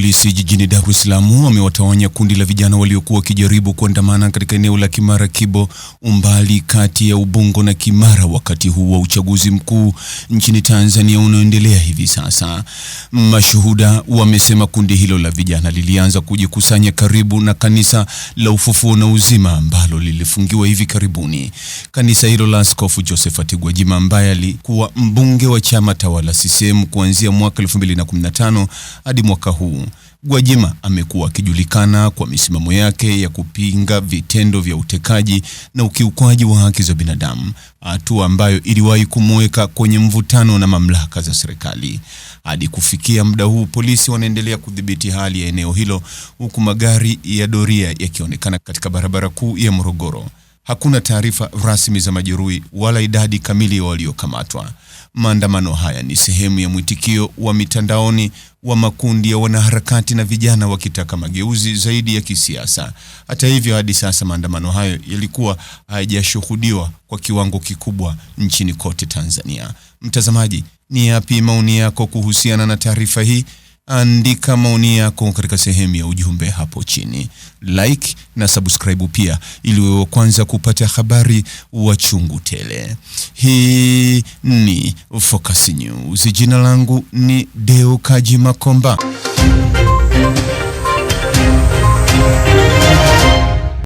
Polisi jijini Dar es Salaam wamewatawanya kundi la vijana waliokuwa wakijaribu kuandamana katika eneo la Kimara Kibo, umbali kati ya Ubungo na Kimara, wakati huu wa uchaguzi mkuu nchini Tanzania unaoendelea hivi sasa. Mashuhuda wamesema kundi hilo la vijana lilianza kujikusanya karibu na kanisa la Ufufuo na Uzima ambalo lilifungiwa hivi karibuni. Kanisa hilo la Askofu Josephat Gwajima ambaye alikuwa mbunge wa chama tawala CCM kuanzia mwaka 2015 hadi mwaka huu. Gwajima amekuwa akijulikana kwa misimamo yake ya kupinga vitendo vya utekaji na ukiukwaji wa haki za binadamu, hatua ambayo iliwahi kumweka kwenye mvutano na mamlaka za serikali. Hadi kufikia muda huu, polisi wanaendelea kudhibiti hali ya eneo hilo, huku magari ya doria yakionekana katika barabara kuu ya Morogoro. Hakuna taarifa rasmi za majeruhi wala idadi kamili ya waliokamatwa. Maandamano haya ni sehemu ya mwitikio wa mitandaoni wa makundi ya wanaharakati na vijana wakitaka mageuzi zaidi ya kisiasa. Hata hivyo, hadi sasa maandamano hayo yalikuwa hayajashuhudiwa kwa kiwango kikubwa nchini kote Tanzania. Mtazamaji, ni yapi maoni yako kuhusiana na taarifa hii? Andika maoni yako katika sehemu ya ujumbe hapo chini, like na subscribe pia, ili wewe kwanza kupata habari wa chungu tele. Hii ni Focus News. Jina langu ni Deo Kaji Makomba.